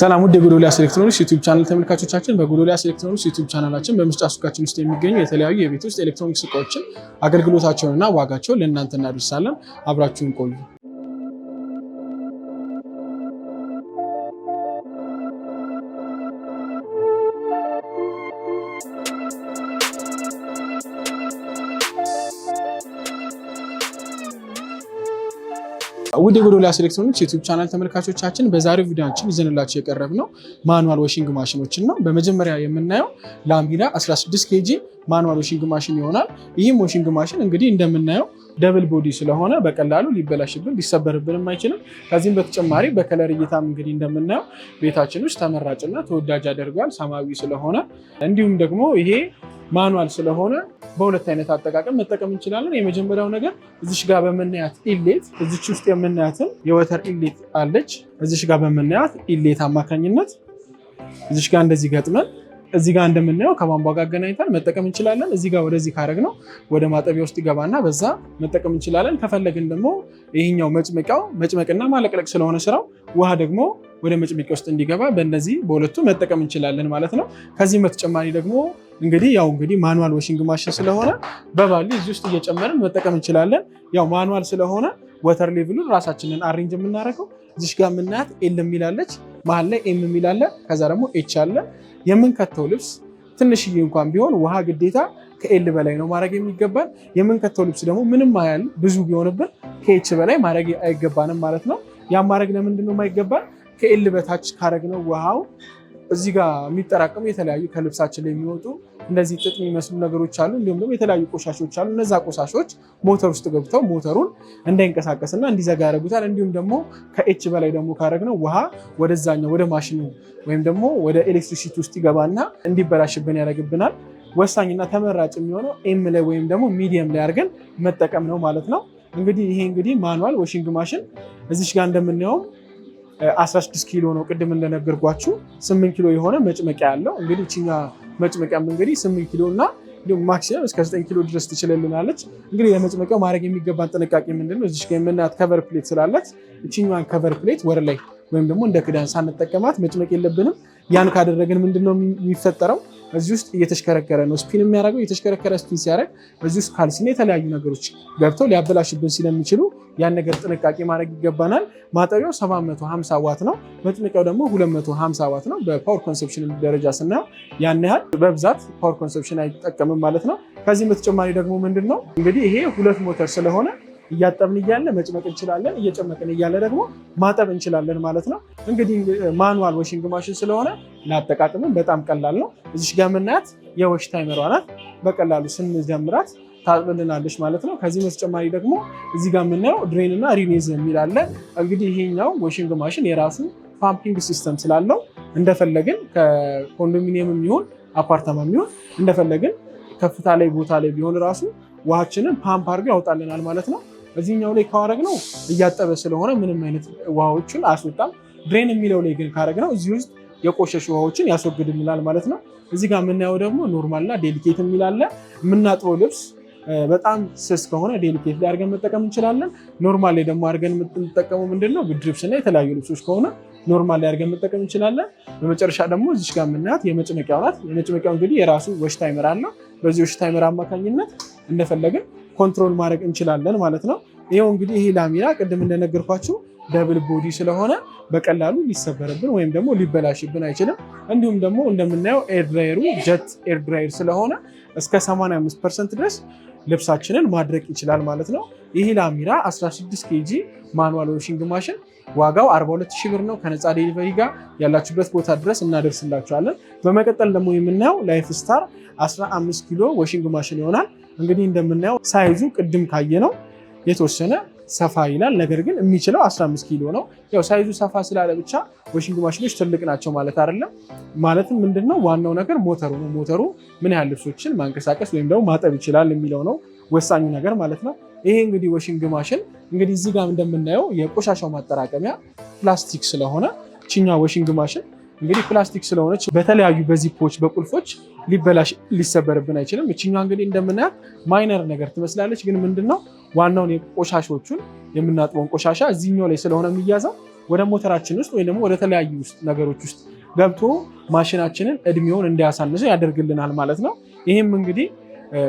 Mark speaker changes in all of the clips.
Speaker 1: ሰላም ውድ የጎዶልያስ ኤሌክትሮኒክስ ዩቲዩብ ቻናል ተመልካቾቻችን፣ በጎዶልያስ ኤሌክትሮኒክስ ዩቲዩብ ቻናላችን በምርጫ ሱቃችን ውስጥ የሚገኙ የተለያዩ የቤት ውስጥ ኤሌክትሮኒክስ እቃዎችን አገልግሎታቸውንና ዋጋቸውን ለእናንተ እናደርሳለን። አብራችሁን ቆዩ። ውድ የጎዶልያስ ኤሌክትሮኒክስ ዩቲዩብ ቻናል ተመልካቾቻችን በዛሬው ቪዲዮችን ይዘንላቸው የቀረብ ነው ማኑዋል ዋሺንግ ማሽኖችን ነው። በመጀመሪያ የምናየው ላሚራ 16 ኬጂ ማኑዋል ዋሺንግ ማሽን ይሆናል። ይህም ዋሺንግ ማሽን እንግዲህ እንደምናየው ደብል ቦዲ ስለሆነ በቀላሉ ሊበላሽብን ሊሰበርብንም አይችልም። ከዚህም በተጨማሪ በከለር እይታም እንግዲህ እንደምናየው ቤታችን ውስጥ ተመራጭና ተወዳጅ አደርጓል ሰማያዊ ስለሆነ እንዲሁም ደግሞ ይሄ ማኑዋል ስለሆነ በሁለት አይነት አጠቃቀም መጠቀም እንችላለን። የመጀመሪያው ነገር እዚሽ ጋር በምናያት ኢሌት እዚች ውስጥ የምናያትን የወተር ኢሌት አለች። እዚሽ ጋር በምናያት ኢሌት አማካኝነት እዚሽ ጋር እንደዚህ ገጥመን እዚህ ጋር እንደምናየው ከቧንቧ ጋር አገናኝተን መጠቀም እንችላለን። እዚህ ጋር ወደዚህ ካደረግ ነው ወደ ማጠቢያ ውስጥ ይገባና በዛ መጠቀም እንችላለን። ከፈለግን ደግሞ ይህኛው መጭመቂያው መጭመቅና ማለቅለቅ ስለሆነ ስራው ውሃ ደግሞ ወደ መጭመቂያ ውስጥ እንዲገባ በእነዚህ በሁለቱ መጠቀም እንችላለን ማለት ነው። ከዚህም በተጨማሪ ደግሞ እንግዲህ ያው እንግዲህ ማኑዋል ወሽንግ ማሽን ስለሆነ በባሊ እዚህ ውስጥ እየጨመርን መጠቀም እንችላለን። ያው ማኑዋል ስለሆነ ወተር ሌቭሉን ራሳችንን አሬንጅ የምናደርገው እዚሽ ጋር የምናያት ኤል የሚላለች መሀል ላይ ኤም የሚላለ ከዛ ደግሞ ኤች አለ የምንከተው ልብስ ትንሽዬ እንኳን ቢሆን ውሃ ግዴታ ከኤል በላይ ነው ማድረግ የሚገባን። የምንከተው ልብስ ደግሞ ምንም ያህል ብዙ ቢሆንብን ከኤች በላይ ማድረግ አይገባንም ማለት ነው። ያን ማድረግ ለምንድን ነው የማይገባን? ከኤል በታች ካረግነው ውሃው እዚህ ጋር የሚጠራቀሙ የተለያዩ ከልብሳችን ላይ የሚወጡ እንደዚህ ጥጥ የሚመስሉ ነገሮች አሉ። እንዲሁም ደግሞ የተለያዩ ቆሻሾች አሉ። እነዛ ቆሻሾች ሞተር ውስጥ ገብተው ሞተሩን እንዳይንቀሳቀስና እንዲዘጋ ያደርጉታል። እንዲሁም ደግሞ ከኤች በላይ ደግሞ ካደረግነው ውሃ ወደዛኛው ወደ ማሽኑ ወይም ደግሞ ወደ ኤሌክትሪሲቲ ውስጥ ይገባና እንዲበላሽብን ያደርግብናል። ወሳኝና ተመራጭ የሚሆነው ኤም ላይ ወይም ደግሞ ሚዲየም ላይ አድርገን መጠቀም ነው ማለት ነው። እንግዲህ ይሄ እንግዲህ ማኑዋል ወሽንግ ማሽን እዚሽ ጋር እንደምናየውም 16 ኪሎ ነው። ቅድም እንደነገርኳችሁ 8 ኪሎ የሆነ መጭመቂያ ያለው እንግዲህ እችኛ መጭመቂያም እንግዲህ 8 ኪሎ እና ማክሲመም እስከ 9 ኪሎ ድረስ ትችልልናለች። እንግዲህ ለመጭመቂያው ማድረግ የሚገባን ጥንቃቄ ምንድን ነው? እዚች የምናያት ከቨር ፕሌት ስላለች እችኛዋን ከቨር ፕሌት ወር ላይ ወይም ደግሞ እንደ ክዳን ሳንጠቀማት መጭመቅ የለብንም። ያን ካደረግን ምንድነው የሚፈጠረው? እዚህ ውስጥ እየተሽከረከረ ነው ስፒን የሚያደርገው። እየተሽከረከረ ስፒን ሲያደርግ በዚህ ውስጥ ካልሲን፣ የተለያዩ ነገሮች ገብተው ሊያበላሽብን ስለሚችሉ ያን ነገር ጥንቃቄ ማድረግ ይገባናል። ማጠቢያው 750 ዋት ነው፣ መጥመቂያው ደግሞ 250 ዋት ነው። በፓወር ኮንሰፕሽን ደረጃ ስናየው ያን ያህል በብዛት ፓወር ኮንሰፕሽን አይጠቀምም ማለት ነው። ከዚህም በተጨማሪ ደግሞ ምንድን ነው እንግዲህ ይሄ ሁለት ሞተር ስለሆነ እያጠብን እያለ መጭመቅ እንችላለን፣ እየጨመቅን እያለ ደግሞ ማጠብ እንችላለን ማለት ነው። እንግዲህ ማኑዋል ወሽንግ ማሽን ስለሆነ ለአጠቃቀምም በጣም ቀላል ነው። እዚሽ ጋር የምናያት የወሽ ታይመሯ ናት። በቀላሉ ስንጀምራት ታጥብልናለች ማለት ነው። ከዚህ በተጨማሪ ደግሞ እዚህ ጋር የምናየው ድሬን እና ሪኔዝ የሚል አለ። እንግዲህ ይሄኛው ወሽንግ ማሽን የራሱ ፓምፒንግ ሲስተም ስላለው እንደፈለግን ከኮንዶሚኒየም የሚሆን አፓርታማ የሚሆን እንደፈለግን ከፍታ ላይ ቦታ ላይ ቢሆን ራሱ ውሃችንን ፓምፕ አድርገው ያወጣልናል ማለት ነው። እዚህኛው ላይ ካረግ ነው እያጠበ ስለሆነ ምንም አይነት ውሃዎችን አያስወጣም። ድሬን የሚለው ላይ ግን ካረግ ነው እዚህ ውስጥ የቆሸሽ ውሃዎችን ያስወግድልናል ማለት ነው። እዚህ ጋር የምናየው ደግሞ ኖርማልና ዴሊኬት የሚላለ የምናጥበው ልብስ በጣም ስስ ከሆነ ዴሊኬት ላይ አድርገን መጠቀም እንችላለን። ኖርማል ላይ ደግሞ አድርገን የምንጠቀመው ምንድን ነው ብርድ ልብስና የተለያዩ ልብሶች ከሆነ ኖርማል ላይ አድርገን መጠቀም እንችላለን። በመጨረሻ ደግሞ እዚች ጋር የምናያት የመጭመቂያው ናት። የመጭመቂያው እንግዲህ የራሱ ወሽ ታይመር አለው። በዚህ ወሽ ታይመር አማካኝነት እንደፈለግን ኮንትሮል ማድረግ እንችላለን ማለት ነው። ይኸው እንግዲህ ይሄ ላሚና ቅድም እንደነገርኳችሁ ደብል ቦዲ ስለሆነ በቀላሉ ሊሰበርብን ወይም ደግሞ ሊበላሽብን አይችልም። እንዲሁም ደግሞ እንደምናየው ኤርድራየሩ ጀት ኤርድራየር ስለሆነ እስከ 85 ፐርሰንት ድረስ ልብሳችንን ማድረቅ ይችላል ማለት ነው። ይህ ላሚራ 16 ኬጂ ማኑዋል ዋሽንግ ማሽን ዋጋው 42 ሺህ ብር ነው ከነፃ ዴሊቨሪ ጋር ያላችሁበት ቦታ ድረስ እናደርስላችኋለን። በመቀጠል ደግሞ የምናየው ላይፍ ስታር 15 ኪሎ ዋሽንግ ማሽን ይሆናል። እንግዲህ እንደምናየው ሳይዙ ቅድም ካየ ነው የተወሰነ ሰፋ ይላል። ነገር ግን የሚችለው 15 ኪሎ ነው። ያው ሳይዙ ሰፋ ስላለ ብቻ ወሽንግ ማሽኖች ትልቅ ናቸው ማለት አይደለም። ማለትም ምንድነው ዋናው ነገር ሞተሩ ነው። ሞተሩ ምን ያህል ልብሶችን ማንቀሳቀስ ወይም ደግሞ ማጠብ ይችላል የሚለው ነው ወሳኙ ነገር ማለት ነው። ይሄ እንግዲህ ወሽንግ ማሽን እንግዲህ እዚህ ጋር እንደምናየው የቆሻሻው ማጠራቀሚያ ፕላስቲክ ስለሆነ ችኛ ወሽንግ ማሽን እንግዲህ ፕላስቲክ ስለሆነች በተለያዩ በዚፖች በቁልፎች ሊበላሽ ሊሰበርብን አይችልም። እችኛ እንግዲህ እንደምናያት ማይነር ነገር ትመስላለች፣ ግን ምንድነው ዋናውን የቆሻሾቹን የምናጥበውን ቆሻሻ እዚህኛው ላይ ስለሆነ የሚያዘው ወደ ሞተራችን ውስጥ ወይ ደግሞ ወደ ተለያዩ ውስጥ ነገሮች ውስጥ ገብቶ ማሽናችንን እድሜውን እንዲያሳንሰው ያደርግልናል ማለት ነው። ይህም እንግዲህ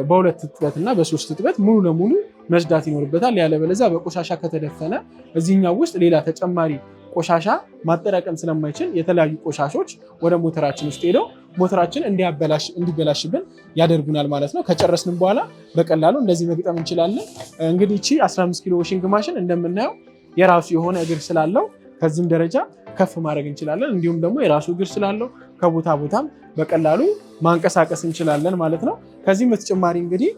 Speaker 1: በሁለት እጥበት እና በሶስት እጥበት ሙሉ ለሙሉ መጽዳት ይኖርበታል። ያለበለዚያ በቆሻሻ ከተደፈነ እዚህኛው ውስጥ ሌላ ተጨማሪ ቆሻሻ ማጠራቀም ስለማይችል የተለያዩ ቆሻሾች ወደ ሞተራችን ውስጥ ሄደው ሞተራችን እንዲበላሽብን ያደርጉናል ማለት ነው። ከጨረስንም በኋላ በቀላሉ እንደዚህ መግጠም እንችላለን። እንግዲህ እቺ 15 ኪሎ ሺንግ ማሽን እንደምናየው የራሱ የሆነ እግር ስላለው ከዚህም ደረጃ ከፍ ማድረግ እንችላለን። እንዲሁም ደግሞ የራሱ እግር ስላለው ከቦታ ቦታም በቀላሉ ማንቀሳቀስ እንችላለን ማለት ነው። ከዚህም በተጨማሪ እንግዲህ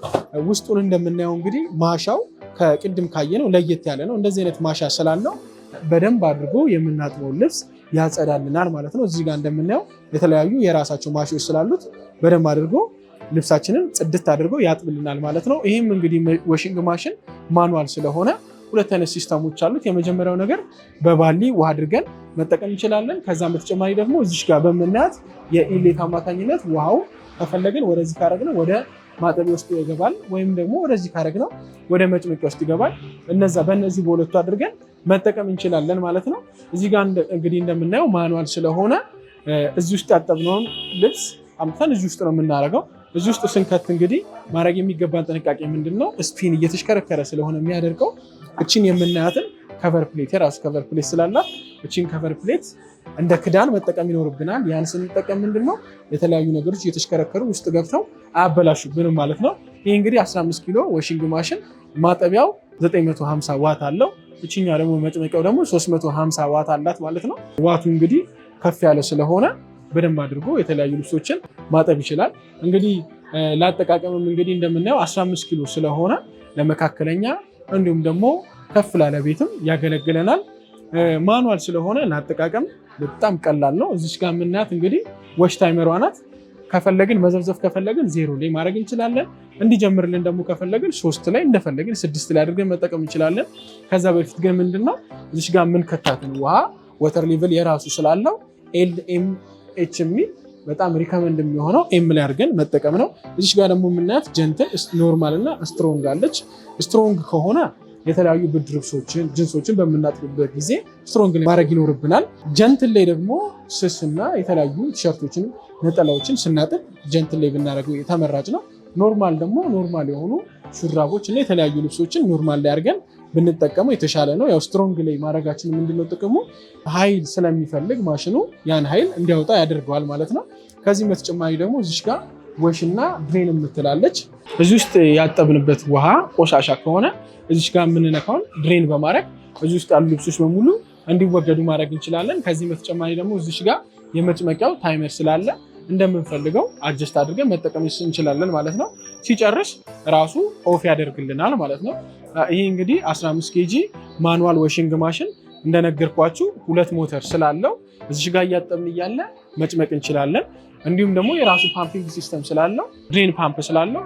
Speaker 1: ውስጡን እንደምናየው እንግዲህ ማሻው ከቅድም ካየነው ለየት ያለ ነው። እንደዚህ አይነት ማሻ ስላለው በደንብ አድርጎ የምናጥበውን ልብስ ያጸዳልናል ማለት ነው። እዚህ ጋር እንደምናየው የተለያዩ የራሳቸው ማሽኖች ስላሉት በደንብ አድርጎ ልብሳችንን ጽድት አድርጎ ያጥብልናል ማለት ነው። ይህም እንግዲህ ወሽንግ ማሽን ማኑዋል ስለሆነ ሁለት አይነት ሲስተሞች አሉት። የመጀመሪያው ነገር በባሊ ውሃ አድርገን መጠቀም እንችላለን። ከዛም በተጨማሪ ደግሞ እዚሽ ጋር በምናያት የኢሌት አማካኝነት ውሃው ከፈለግን ወደዚህ ካረግን ወደ ማጠቢያ ውስጥ ይገባል፣ ወይም ደግሞ ወደዚህ ካረግ ነው ወደ መጭመቂያ ውስጥ ይገባል። እነዛ በእነዚህ በሁለቱ አድርገን መጠቀም እንችላለን ማለት ነው። እዚህ ጋር እንግዲህ እንደምናየው ማኑዋል ስለሆነ እዚህ ውስጥ ያጠብነውን ልብስ አምጥተን እዚህ ውስጥ ነው የምናደርገው። እዚህ ውስጥ ስንከት እንግዲህ ማድረግ የሚገባን ጥንቃቄ ምንድን ነው? ስፒን እየተሽከረከረ ስለሆነ የሚያደርገው እችን የምናያትን ከቨር ፕሌት የራሱ ከቨር ፕሌት ስላላት እችን ከቨር ፕሌት እንደ ክዳን መጠቀም ይኖርብናል። ያን ስንጠቀም ምንድን ነው የተለያዩ ነገሮች እየተሽከረከሩ ውስጥ ገብተው አያበላሹብንም ማለት ነው። ይህ እንግዲህ 15 ኪሎ ወሽንግ ማሽን ማጠቢያው 950 ዋት አለው። እችኛ ደግሞ መጭመቂያው ደግሞ 350 ዋት አላት ማለት ነው። ዋቱ እንግዲህ ከፍ ያለ ስለሆነ በደንብ አድርጎ የተለያዩ ልብሶችን ማጠብ ይችላል። እንግዲህ ለአጠቃቀምም እንግዲህ እንደምናየው 15 ኪሎ ስለሆነ ለመካከለኛ እንዲሁም ደግሞ ከፍ ላለ ቤትም ያገለግለናል። ማኑዋል ስለሆነ ለአጠቃቀም በጣም ቀላል ነው። እዚች ጋር የምናያት እንግዲህ ወሽ ታይመሯ ናት። ከፈለግን መዘብዘፍ ከፈለግን ዜሮ ላይ ማድረግ እንችላለን። እንዲጀምርልን ደግሞ ከፈለግን ሶስት ላይ እንደፈለግን ስድስት ላይ አድርገን መጠቀም እንችላለን። ከዛ በፊት ግን ምንድነው እዚች ጋር የምንከታትን ውሃ ወተር ሌቭል የራሱ ስላለው ኤል የሚል በጣም ሪከመንድ የሚሆነው ኤም ላይ አድርገን መጠቀም ነው። እዚች ጋር ደግሞ የምናያት ጀንተ ኖርማል እና ስትሮንግ አለች። ስትሮንግ ከሆነ የተለያዩ ብርድ ልብሶችን፣ ጅንሶችን በምናጥብበት ጊዜ ስትሮንግ ማድረግ ይኖርብናል። ጀንትል ላይ ደግሞ ስስና የተለያዩ ቲሸርቶችን፣ ነጠላዎችን ስናጥብ ጀንትል ላይ ብናደርገው ተመራጭ ነው። ኖርማል ደግሞ ኖርማል የሆኑ ሹራቦች እና የተለያዩ ልብሶችን ኖርማል ላይ አድርገን ብንጠቀመው የተሻለ ነው። ያው ስትሮንግ ላይ ማድረጋችን ምንድነው ጥቅሙ? ኃይል ስለሚፈልግ ማሽኑ ያን ኃይል እንዲያወጣ ያደርገዋል ማለት ነው። ከዚህም በተጨማሪ ደግሞ እዚሽ ጋር ወሽና ብሬን የምትላለች እዚህ ውስጥ ያጠብንበት ውሃ ቆሻሻ ከሆነ እዚች ጋር የምንነካውን ድሬን በማድረግ እዚህ ውስጥ ያሉ ልብሶች በሙሉ እንዲወገዱ ማድረግ እንችላለን። ከዚህ በተጨማሪ ደግሞ እዚች ጋር የመጭመቂያው ታይመር ስላለ እንደምንፈልገው አጀስት አድርገን መጠቀም እንችላለን ማለት ነው። ሲጨርስ ራሱ ኦፍ ያደርግልናል ማለት ነው። ይሄ እንግዲህ 15 ኬጂ ማኑዋል ወሽንግ ማሽን እንደነገርኳችሁ ሁለት ሞተር ስላለው እዚህ ጋር እያጠብን እያለ መጭመቅ እንችላለን። እንዲሁም ደግሞ የራሱ ፓምፒንግ ሲስተም ስላለው ድሬን ፓምፕ ስላለው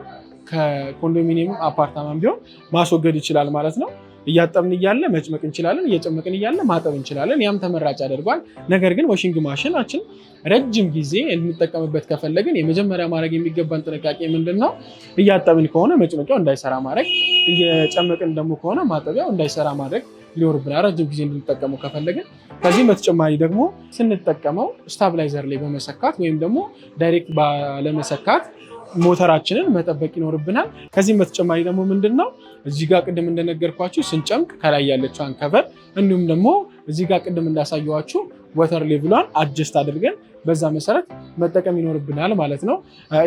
Speaker 1: ከኮንዶሚኒየም አፓርታማም ቢሆን ማስወገድ ይችላል ማለት ነው። እያጠብን እያለ መጭመቅ እንችላለን፣ እየጨመቅን እያለ ማጠብ እንችላለን። ያም ተመራጭ ያደርጓል። ነገር ግን ዋሽንግ ማሽናችን ረጅም ጊዜ እንጠቀምበት ከፈለግን የመጀመሪያ ማድረግ የሚገባን ጥንቃቄ ምንድን ነው? እያጠብን ከሆነ መጭመቂያው እንዳይሰራ ማድረግ፣ እየጨመቅን ደግሞ ከሆነ ማጠቢያው እንዳይሰራ ማድረግ ሊወርብናል ረጅም ጊዜ እንድንጠቀመው ከፈለግን። ከዚህም በተጨማሪ ደግሞ ስንጠቀመው ስታብላይዘር ላይ በመሰካት ወይም ደግሞ ዳይሬክት ባለመሰካት ሞተራችንን መጠበቅ ይኖርብናል። ከዚህም በተጨማሪ ደግሞ ምንድን ነው እዚህ ጋር ቅድም እንደነገርኳችሁ ስንጨምቅ ከላይ ያለችው ከበር እንዲሁም ደግሞ እዚህ ጋር ቅድም እንዳሳየዋችሁ ወተር ሌቭሏን አጀስት አድርገን በዛ መሰረት መጠቀም ይኖርብናል ማለት ነው።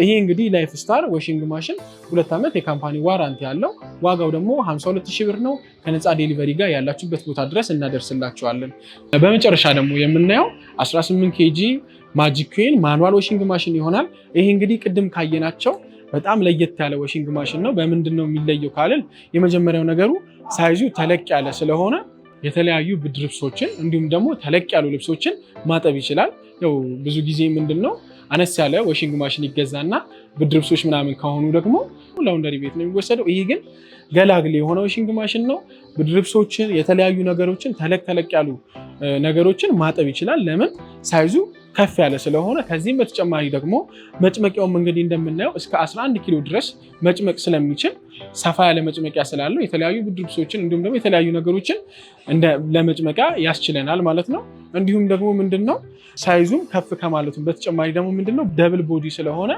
Speaker 1: ይሄ እንግዲህ ላይፍ ስታር ወሽንግ ማሽን ሁለት ዓመት የካምፓኒ ዋራንቲ ያለው ዋጋው ደግሞ 52 ሺህ ብር ነው። ከነፃ ዴሊቨሪ ጋር ያላችሁበት ቦታ ድረስ እናደርስላችኋለን። በመጨረሻ ደግሞ የምናየው 18 ኬጂ ማጂክ ኩዊን ማኑዋል ዋሽንግ ማሽን ይሆናል። ይሄ እንግዲህ ቅድም ካየናቸው በጣም ለየት ያለ ወሽንግ ማሽን ነው። በምንድን ነው የሚለየው ካልን የመጀመሪያው ነገሩ ሳይዙ ተለቅ ያለ ስለሆነ የተለያዩ ብርድ ልብሶችን እንዲሁም ደግሞ ተለቅ ያሉ ልብሶችን ማጠብ ይችላል። ያው ብዙ ጊዜ ምንድን ነው አነስ ያለ ወሽንግ ማሽን ይገዛና ብርድ ልብሶች ምናምን ከሆኑ ደግሞ ላውንደሪ ቤት ነው የሚወሰደው። ይሄ ግን ገላግሌ የሆነው ሺንግ ማሽን ነው። ብርድ ልብሶችን፣ የተለያዩ ነገሮችን ተለቅ ተለቅ ያሉ ነገሮችን ማጠብ ይችላል። ለምን ሳይዙ ከፍ ያለ ስለሆነ። ከዚህም በተጨማሪ ደግሞ መጭመቂያውም እንግዲህ እንደምናየው እስከ 11 ኪሎ ድረስ መጭመቅ ስለሚችል ሰፋ ያለ መጭመቂያ ስላለው የተለያዩ ብርድ ልብሶችን እንዲሁም ደግሞ የተለያዩ ነገሮችን ለመጭመቂያ ያስችለናል ማለት ነው። እንዲሁም ደግሞ ምንድን ነው ሳይዙም ከፍ ከማለቱም በተጨማሪ ደግሞ ምንድን ነው ደብል ቦዲ ስለሆነ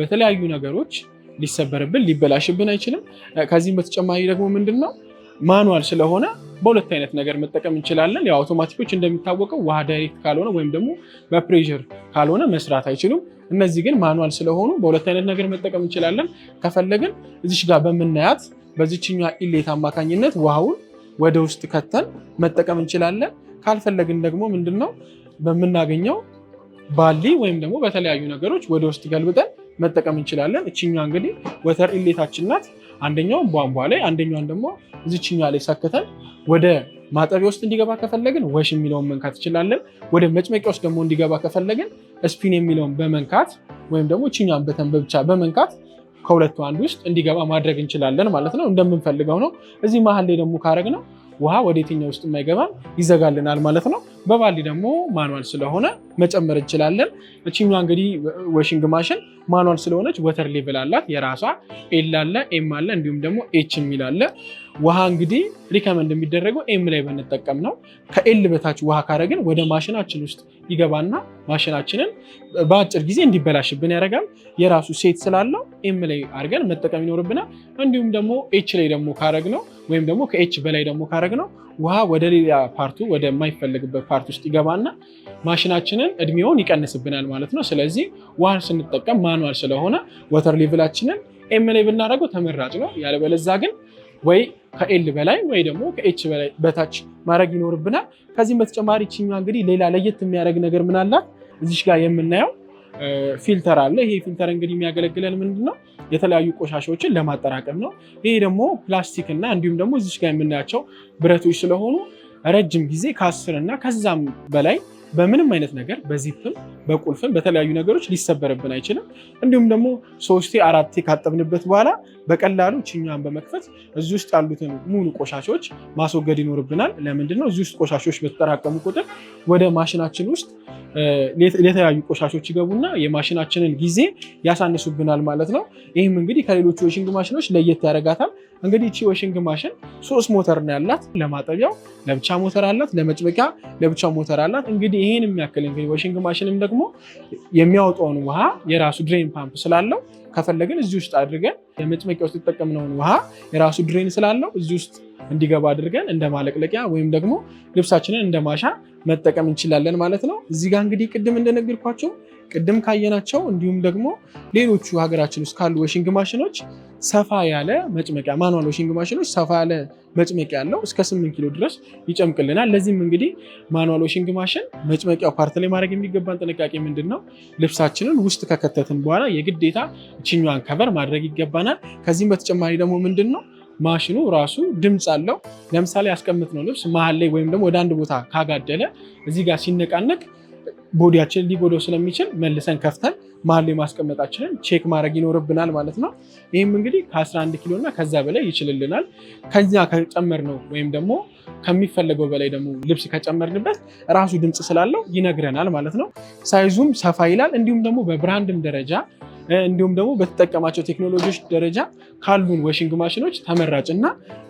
Speaker 1: በተለያዩ ነገሮች ሊሰበርብን ሊበላሽብን አይችልም። ከዚህም በተጨማሪ ደግሞ ምንድን ነው ማኑዋል ስለሆነ በሁለት አይነት ነገር መጠቀም እንችላለን። ያው አውቶማቲኮች እንደሚታወቀው ውሃ ዳይሬክት ካልሆነ ወይም ደግሞ በፕሬዥር ካልሆነ መስራት አይችሉም። እነዚህ ግን ማኑዋል ስለሆኑ በሁለት አይነት ነገር መጠቀም እንችላለን። ከፈለግን እዚች ጋር በምናያት በዚችኛ ኢሌት አማካኝነት ውሃውን ወደ ውስጥ ከተን መጠቀም እንችላለን። ካልፈለግን ደግሞ ምንድነው ነው በምናገኘው ባሊ ወይም ደግሞ በተለያዩ ነገሮች ወደ ውስጥ ገልብጠን መጠቀም እንችላለን። እችኛ እንግዲህ ወተር ኢሌታችን ናት። አንደኛውን ቧንቧ ላይ አንደኛውን ደግሞ እዚችኛ ላይ ሰክተን ወደ ማጠቢያ ውስጥ እንዲገባ ከፈለግን ወሽ የሚለውን መንካት እንችላለን። ወደ መጭመቂያ ውስጥ ደግሞ እንዲገባ ከፈለግን ስፒን የሚለውን በመንካት ወይም ደግሞ እችኛን በተን ብቻ በመንካት ከሁለቱ አንድ ውስጥ እንዲገባ ማድረግ እንችላለን ማለት ነው። እንደምንፈልገው ነው። እዚህ መሀል ላይ ደግሞ ካረግ ነው ውሃ ወደ የትኛው ውስጥ የማይገባ ይዘጋልናል ማለት ነው። በባሊ ደግሞ ማኑዋል ስለሆነ መጨመር እንችላለን። እችኛ እንግዲህ ወሽንግ ማሽን ማኑዋል ስለሆነች ወተር ሌቭል አላት። የራሷ ኤል አለ፣ ኤም አለ፣ እንዲሁም ደግሞ ኤች የሚል አለ። ውሃ እንግዲህ ሪከመንድ የሚደረገው ኤም ላይ ብንጠቀም ነው። ከኤል በታች ውሃ ካረግን ወደ ማሽናችን ውስጥ ይገባና ማሽናችንን በአጭር ጊዜ እንዲበላሽብን ያደርጋል። የራሱ ሴት ስላለው ኤም ላይ አድርገን መጠቀም ይኖርብናል። እንዲሁም ደግሞ ኤች ላይ ደግሞ ካረግ ነው ወይም ደግሞ ከኤች በላይ ደግሞ ካረግ ነው ውሃ ወደ ሌላ ፓርቱ ወደማይፈለግበት ፓርት ውስጥ ይገባና ማሽናችንን እድሜውን ይቀንስብናል ማለት ነው። ስለዚህ ውሃን ስንጠቀም ማኑዋል ስለሆነ ወተር ሌቭላችንን ኤም ላይ ብናደርገው ተመራጭ ነው። ያለበለዛ ግን ወይ ከኤል በላይ ወይ ደግሞ ከኤች በላይ በታች ማድረግ ይኖርብናል። ከዚህም በተጨማሪ ችኛ እንግዲህ ሌላ ለየት የሚያደርግ ነገር ምን አላት? እዚሽ ጋር የምናየው ፊልተር አለ። ይሄ ፊልተር እንግዲህ የሚያገለግለን ምንድን ነው? የተለያዩ ቆሻሻዎችን ለማጠራቀም ነው። ይሄ ደግሞ ፕላስቲክ እና እንዲሁም ደግሞ እዚሽ ጋር የምናያቸው ብረቶች ስለሆኑ ረጅም ጊዜ ከአስር እና ከዛም በላይ በምንም አይነት ነገር በዚፕም በቁልፍም በተለያዩ ነገሮች ሊሰበርብን አይችልም። እንዲሁም ደግሞ ሶስቴ አራቴ ካጠብንበት በኋላ በቀላሉ ችኛን በመክፈት እዚህ ውስጥ ያሉትን ሙሉ ቆሻሾች ማስወገድ ይኖርብናል። ለምንድን ነው እዚህ ውስጥ ቆሻሾች በተጠራቀሙ ቁጥር ወደ ማሽናችን ውስጥ የተለያዩ ቆሻሾች ይገቡና የማሽናችንን ጊዜ ያሳንሱብናል ማለት ነው። ይህም እንግዲህ ከሌሎቹ ወሽንግ ማሽኖች ለየት ያደርጋታል። እንግዲህ እቺ ወሽንግ ማሽን ሶስት ሞተር ነው ያላት። ለማጠቢያው ለብቻ ሞተር አላት፣ ለመጭመቂያ ለብቻ ሞተር አላት። እንግዲህ ይሄን የሚያክል እንግዲህ ወሽንግ ማሽንም ደግሞ የሚያወጣውን ውሃ የራሱ ድሬን ፓምፕ ስላለው ከፈለግን እዚህ ውስጥ አድርገን የመጭመቂያ ውስጥ የተጠቀምነውን ውሃ የራሱ ድሬን ስላለው እዚህ ውስጥ እንዲገባ አድርገን እንደ ማለቅለቂያ ወይም ደግሞ ልብሳችንን እንደ ማሻ መጠቀም እንችላለን ማለት ነው። እዚህ ጋር እንግዲህ ቅድም እንደነገርኳቸው ቅድም ካየናቸው እንዲሁም ደግሞ ሌሎቹ ሀገራችን ውስጥ ካሉ ወሽንግ ማሽኖች ሰፋ ያለ መጭመቂያ ማኑዋል ወሽንግ ማሽኖች ሰፋ ያለ መጭመቂያ ያለው እስከ 8 ኪሎ ድረስ ይጨምቅልናል። ለዚህም እንግዲህ ማኑዋል ወሽንግ ማሽን መጭመቂያው ፓርት ላይ ማድረግ የሚገባን ጥንቃቄ ምንድን ነው? ልብሳችንን ውስጥ ከከተትን በኋላ የግዴታ እችኛዋን ከቨር ማድረግ ይገባናል። ከዚህም በተጨማሪ ደግሞ ምንድን ነው ማሽኑ ራሱ ድምፅ አለው። ለምሳሌ ያስቀምጥ ነው ልብስ መሀል ላይ ወይም ደግሞ ወደ አንድ ቦታ ካጋደለ እዚህ ጋር ሲነቃነቅ ቦዲያችንን ሊጎዳው ስለሚችል መልሰን ከፍተን መሀል ላይ ማስቀመጣችንን ቼክ ማድረግ ይኖርብናል ማለት ነው። ይህም እንግዲህ ከ11 ኪሎ እና ከዛ በላይ ይችልልናል። ከዚያ ከጨመር ነው ወይም ደግሞ ከሚፈለገው በላይ ደግሞ ልብስ ከጨመርንበት ራሱ ድምፅ ስላለው ይነግረናል ማለት ነው። ሳይዙም ሰፋ ይላል። እንዲሁም ደግሞ በብራንድም ደረጃ እንዲሁም ደግሞ በተጠቀማቸው ቴክኖሎጂዎች ደረጃ ካሉን ወሽንግ ማሽኖች ተመራጭ እና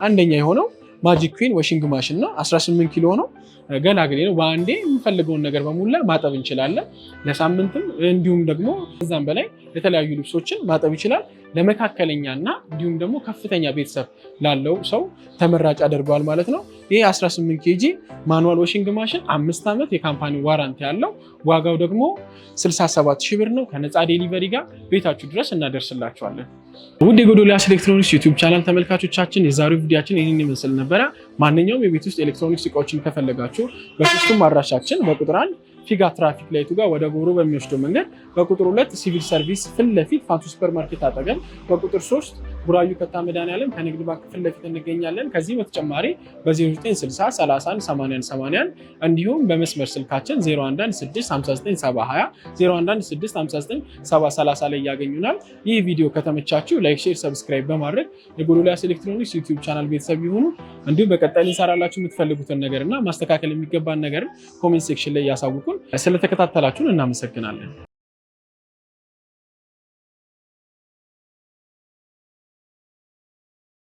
Speaker 1: አንደኛ የሆነው ማጂክ ኩዊን ወሽንግ ማሽን ነው። 18 ኪሎ ነው። ገላግሌ ነው። በአንዴ የምንፈልገውን ነገር በሙላ ማጠብ እንችላለን። ለሳምንትም እንዲሁም ደግሞ ከዛም በላይ የተለያዩ ልብሶችን ማጠብ ይችላል። ለመካከለኛና እንዲሁም ደግሞ ከፍተኛ ቤተሰብ ላለው ሰው ተመራጭ አድርገዋል ማለት ነው። ይህ 18 ኬጂ ማኑዋል ዋሽንግ ማሽን አምስት ዓመት የካምፓኒ ዋራንት ያለው ዋጋው ደግሞ 67 ሺህ ብር ነው። ከነፃ ዴሊቨሪ ጋር ቤታችሁ ድረስ እናደርስላችኋለን። ውድ የጎዶልያስ ኤሌክትሮኒክስ ዩቲዩብ ቻናል ተመልካቾቻችን የዛሬው ቪዲያችን ይህን ይመስል ነበረ። ማንኛውም የቤት ውስጥ ኤሌክትሮኒክስ እቃዎችን ከፈለጋችሁ በሶስቱም አድራሻችን በቁጥር አንድ ፊጋ ትራፊክ ላይቱ ጋር ወደ ጎሮ በሚወስደው መንገድ በቁጥር ሁለት ሲቪል ሰርቪስ ፊት ለፊት ሱፐር ማርኬት አጠገብ፣ በቁጥር ሶስት ቡራዩ ከታ መድኃኔዓለም ከንግድ ባንክ ፊት ለፊት እንገኛለን። ከዚህ በተጨማሪ በ0960 እንዲሁም በመስመር ስልካችን 0116597020 ላይ ያገኙናል። ይህ ቪዲዮ ከተመቻችሁ ላይክ፣ ሼር፣ ሰብስክራይብ በማድረግ የጎዶልያስ ኤሌክትሮኒክስ ዩቲዩብ ቻናል ቤተሰብ ይሁኑ። እንዲሁም በቀጣይ ልንሰራላችሁ የምትፈልጉትን ነገር እና ማስተካከል የሚገባን ነገርን ኮሜንት ሴክሽን ላይ እያሳውቁን ስለተከታተላችሁን እናመሰግናለን።